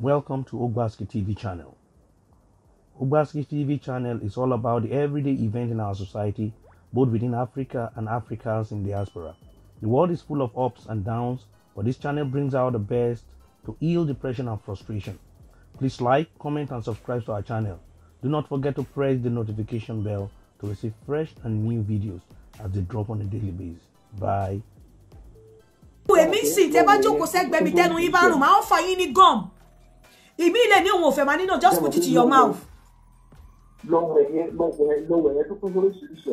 Welcome to Ogbaski TV channel. Ogbaski TV channel is all about the everyday event in our society, both within Africa and Africans in diaspora. The world is full of ups and downs, but this channel brings out the best to heal depression and frustration. Please like, comment, and subscribe to our channel. Do not forget to press the notification bell to receive fresh and new videos as they drop on a daily basis. Bye. ìmí ilé ní òun ò fẹ́ máa nínú just put it in your mouth. lọ́wọ́ ẹ̀yẹ lọ́wọ́ ẹ̀ lọ́wọ́ ẹ̀yẹ tó kún lóríṣiríṣi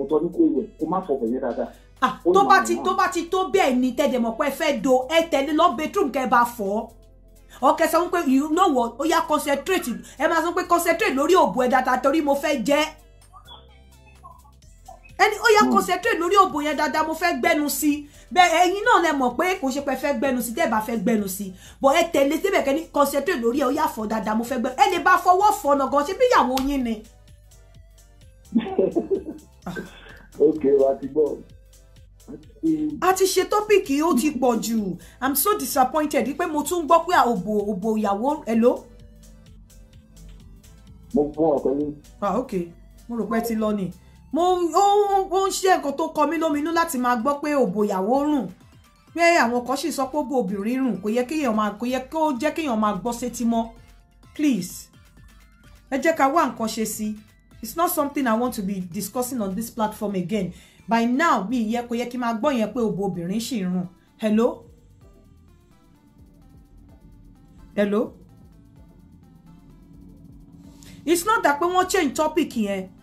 ọ̀tọ̀ ní kò wẹ̀ kó má fọwọ́ yẹn dáadáa. Ah, tó bá ti tó bá ti tó bẹ́ẹ̀ ni tẹ̀dẹ̀ mọ̀ pé ẹ fẹ́ do ẹ tẹ̀lé lọ bedroom kẹ́ ẹ bá fọ́ ọkẹ sọ wípé you know what ó yá concentrate ẹ máa sọ pé concentrate lórí òbò ẹ dáadáa torí mo fẹ́ jẹ́ ẹni ó yá hmm. concentrate lórí òbò yẹn dáadáa mo fẹ́ gbẹ́nu sí i bẹ́ẹ̀ ẹ̀yin náà lẹ mọ̀ pé kò ṣe pé fẹ́ gbẹnu sí tẹ́ẹ̀ bá gbẹnu sí bọ̀ ẹ tẹ̀lé síbẹ̀ kẹ́ni concentrate lórí ẹ̀ ó yà fọ́ dáadáa mo fẹ́ gbẹ ẹ lè bá fọwọ́ fọ̀nà gan ṣé bí ìyàwó yín ni. ok wa ti gbọ́ a ti ṣe tọ́pìkì ó ti pọ̀ jù i'm so disappointed pé mo tún gbọ́ pé òbò òbò ìyàwó ẹ̀ ló. mo gbọ́ ọ̀kọ́ ní. ah okay. mo rò pé ti lọ ni mo ó ń ṣe nǹkan tó kọ mí lóminú láti máa gbọ́ pé òbò ìyàwó rùn pé àwọn kan sì sọ pé òbò obìnrin rùn kò yẹ kéèyàn máa kò yẹ kó jẹ́ kéèyàn máa gbọ́ sétí mọ́ please ẹ jẹ́ ká wá nǹkan ṣe sí it's not something i want to be discussing on this platform again by now mi yẹ kò yẹ kí n máa gbọ́ yẹn pé òbò obìnrin sì rùn hello hello it's not that pé wọ́n change topic yẹn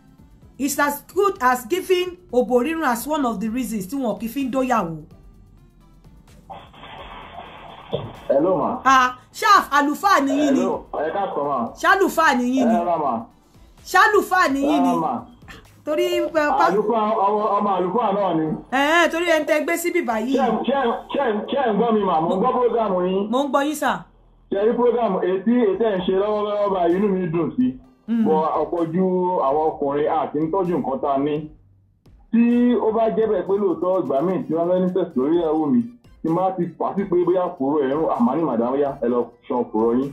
it's as good as giving oborirun as one of the reasons tí wọn kì í fi ń dóyàwó. hello ma. ah ṣáf àlùfáà nìyí ni. ẹ káàkó ma. ṣálùfáà nìyí ni. ẹ rà ma. ṣálùfáà nìyí ni. torí. àlùfáà ọmọ àlùfáà náà ni. ẹ̀ẹ́n torí ẹ̀ ń tẹ́ gbé síbí báyìí. ṣé ẹ̀ ń gbọ́ mi mà mo ń gbọ́ programu yín. mo ń gbọ́ yín sà. ṣe é programu ètí ètẹ́ ń ṣe lọ́wọ́lọ́wọ́ báyìí inú mi dùn sí i. Mm. bọ ọ̀pọ̀jù àwọn ọkùnrin àti ń tọ́jú nǹkan tá a ní tí ó bá jẹ́ bẹ́ẹ̀ pé lóòótọ́ ìgbà míì tí wọ́n lẹ́ni sẹ̀sì lórí ẹ̀wò mi tí máa ti fà sí pé bóyá fòrò ẹ̀rún àmání màdámúyá ẹ lọ ṣan fòrò yín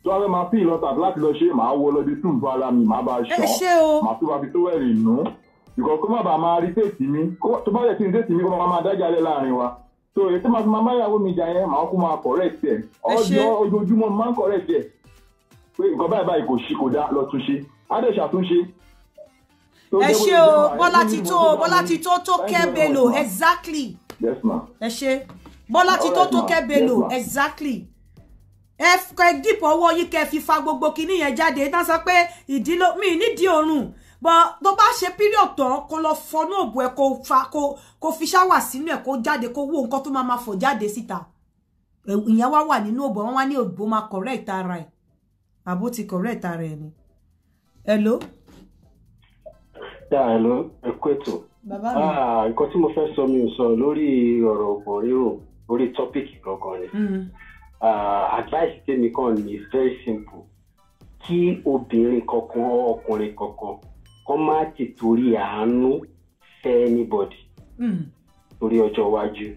tí wọ́n fẹ́ máa fi ìlọta láti lọ ṣe màá wọ lọ́dí tù bá ara mi màá bá a ṣan màá tún bá fi tó ẹ̀rì nù ìkọ̀ kó má bàa máa rí tètè mi tó bá yẹ kí n tètè mi kó máa máa dájà lẹ́ láàrin wa so èyí tó máa fi máa máyàwó mi jà yẹn màá kó máa kọ̀rẹ́ẹ̀tì ẹ̀ ọjọ́ ojoojúmọ́ máa ń kọ̀rẹ́ẹ̀tì ẹ̀ pé nǹkan báyìí báyìí kò ṣe kò dá lọ túnṣe á dẹ̀ ṣàtúnṣe. ẹ ṣe o bọ́lá ti tó bọ́lá ti tó tó kẹ́ belò exactly ẹ ṣe bọ́lá ti tó tó kẹ́ belò exactly ẹ kẹ dìpọ̀ ọwọ́ yìí kẹ fi fa gbogbo kinní yẹn jáde náà sọ pé ìdílé mi nídìí òórùn bọ tó bá ṣe period tán kó lọ fọnú òbò ẹ kó fa kó kó fi ṣáwà sínú ẹ kó jáde kó wó nǹkan tó máa ma fò jáde síta ìyẹn wá wà nínú òbò wọn wá ní òbò máa correct ara ẹ àbó ti correct ara ẹ̀ ni. hello. dáa hello ẹ kú ètò. bàbá mi. Ah, nǹkan tí mo fẹ́ sọ mi ò sọ lórí ọ̀rọ̀ ògùn rírò lórí tọ́pìkì gangan ni. Mm. Ah, advice tèmi kan ni very simple kí obìnrin kankan ọkùnrin kankan kọ́ má ti torí àánú fẹ́ anybody torí mm. ọjọ́ iwájú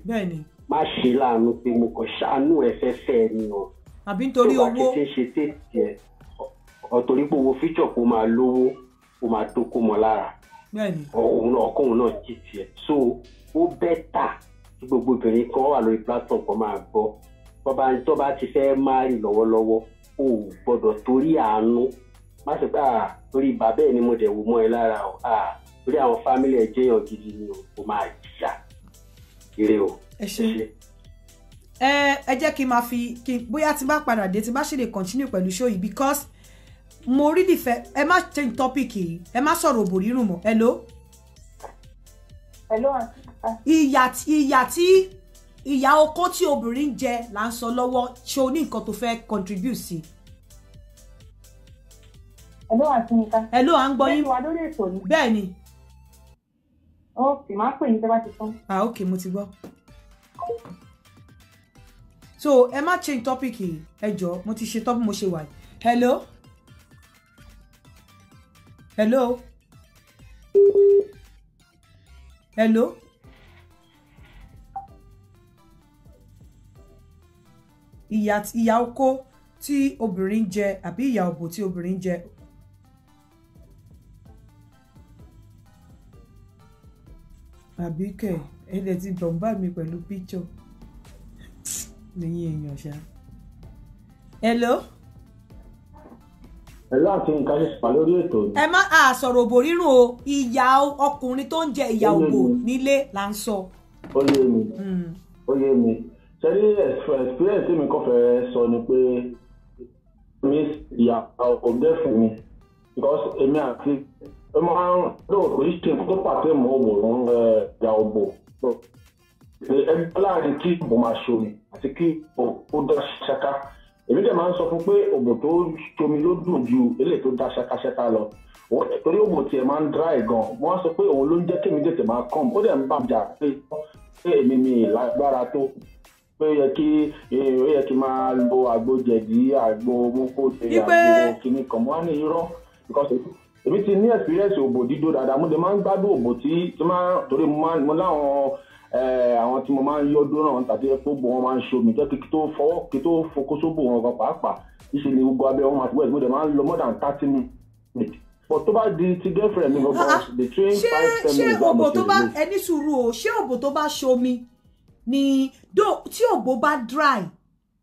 má ṣe láàánú pé mo kàn ṣàánú ẹ fẹ́ fẹ́ ni o àbí nítorí owó. tó bá ti ṣe ṣe tètè ọ̀tọ̀rí pé owó fíjọ̀ kó máa lówó kó máa tó kó mọ lára òun náà ọkọ òun náà jì tiẹ̀ so ó bẹ́tà kí gbogbo obìnrin kan wà lórí platform kan máa gbọ́ bọ́ba tó bá ti fẹ́ máa rìn lọ́wọ́lọ́wọ́ o ò gbọ́dọ̀ torí àánú má ṣe pé àà torí bàbá ẹ̀ ni mo dẹ̀ wò mọ́ ẹ lára o àà torí àwọn fámílì ẹ̀ jẹ́yàn gidi ni o kò máa jìyà ire o. ẹ ṣe ẹ jẹ́ kí n máa fi kí n bóyá tí n bá padà dé tí n bá ṣe lè continue pẹ̀lú show yìí because mo rí dìfẹ́ ẹ má change topic yìí ẹ má sọ̀rọ̀ òbò rírùn mọ́ hello. hello ìyà ìyà tí ìyà okó tí obìnrin ń jẹ là ń sọ lọ́wọ́ ṣe o ní nǹkan tó fẹ́ contribute sí. hello àti nìkan. hello à ń gbọ́ yín. bẹ́ẹ̀ ni wà lórí ètò ni. bẹ́ẹ̀ ni. ó kì máa ń pè ní tẹ́ bá ti tán. ah ok mo ti gbọ́ so ẹ má change topic yìí ẹ jọ mo ti ṣe tọ́ bí mo ṣe wà hello hello hello. ìyà ìyà oko tí obìnrin jẹ àbí ìyà òbò tí obìnrin jẹ àbíkẹ́ ẹ̀ ẹ̀ lè ti gbọ̀ngbà mi pẹ̀lú píchọ̀ lẹ́yìn èèyàn ṣá. hello. hello àti nǹkan ṣe pa lórí ètò. ẹ má a sọ̀rọ̀ òbò rírùn o ìyá ọkùnrin tó ń jẹ ìyá òbò nílé là ń sọ. ó yé mi hmm. ó yé mi ṣe ní experience mi kàn fẹ́ sọ ni pé mi ìyá ọ̀gẹ́ fún mi because èmi àti ẹ máa ń lò oríṣiríṣi tó pàtó ìmọ̀ òbò ń ẹ̀ ìyá òbò láàrin kí òbò máa ṣomi àti kí ó dá ṣáká èmi dẹ̀ máa ń sọ fún pé òbò tó ṣomi ló dùn ju eléyìí tó dá ṣákáṣáká lọ torí òbò tiẹ̀ máa ń dry gan wọ́n sọ pé òun ló ń jẹ́ kémi tètè máa kàn ó dẹ̀ ń bàjá pé pé èmi mi lágbára tó pé ó yẹ kí ó yẹ kí máa lo àgbo jẹ̀dí àgbo mokòtè àgbo kìnnì kan wọ́n á ní irọ́ because èmi ti ní experience òbò dídó dáadáa mo dẹ̀ máa ń gbádùn òbò tí tí máa torí mo láwọn àwọn tí mo máa ń yọdún náà tàbí epo bò wọn máa ń ṣomi jẹ́ kí tó fọwọ́ kí tó fokósóbò wọn gan pàápàá ìṣe ni gbogbo abẹ́ wọn máa ti wẹ̀ gbọ́dọ̀ máa ń lọ more than thirty minutes but tó bá di ti girlfriend mi gangan the ah, train ah, five ten minutes down the train. ṣé òbò tó bá ẹni sùúrù o ṣé òbò tó bá ṣomi ni tí òbò bá dry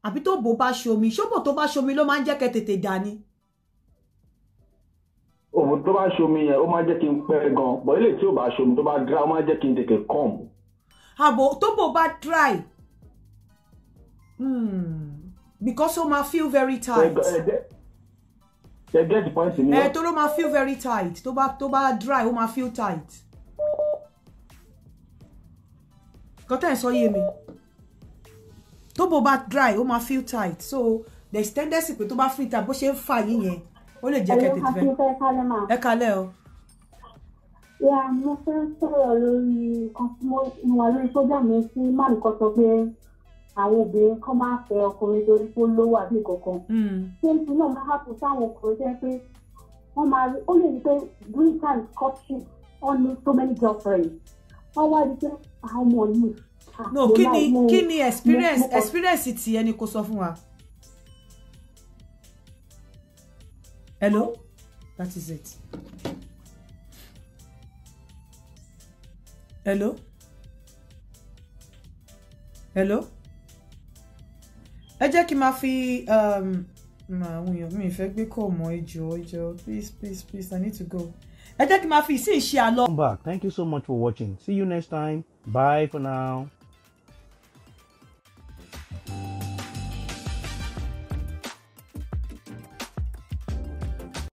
àbí tó bò bá ṣomi ṣòbò tó bá ṣomi ló máa ń jẹ́ kẹ́ tètè dání. òbò tó bá ṣomi yẹn ó máa jẹ́ kí n pẹ́ gan-an bọ̀ ilé tí ò bá ṣomi tó bá dry ó máa jẹ́ kí n tètè come àbò tó bò bá dry hmm. because ó máa feel very tight. ṣe get the point mi. ẹ eh, tó ló máa feel very tight tó bá tó bá dry ó máa feel tight. kọ́tà ẹ̀ sọ yé mi tó bò bá dry ó máa feel tight so the tendency pé tó bá feel tight bó ṣe ń fà yín yẹn ó lè jẹ́ kẹ́tẹ̀ẹ́ fẹ́. ẹ kalẹ́ o yà mo fẹ́ sọ̀rọ̀ lórí nǹkan tí mo wà lórí program yẹn tí màmí kan sọ pé àwọn obìnrin kan máa fẹ́ ọkùnrin torí pé ó lówó àbí kankan. Hmm. ṣé ètò náà máa hàpù sáwọn ọkùnrin jẹ́ pé wọ́n máa rí ó lè rí pé britain courtship wọ́n ní so many girlfriends wọ́n wá rí pé àwọn ọmọ yìí. no kí ni kí ni experience experience ti ẹni kó sọ fún wa. hello that is it. hello hello ẹ jẹ́ kí n máa fi um, mm, àwọn èèyàn mi ìfẹ́ gbé kọ̀ mọ́ ìjọ ìjọ please please please i need to go ẹ jẹ́ kí n máa fi ìsìn ṣe àlọ́. come back thank you so much for watching see you next time bye for now.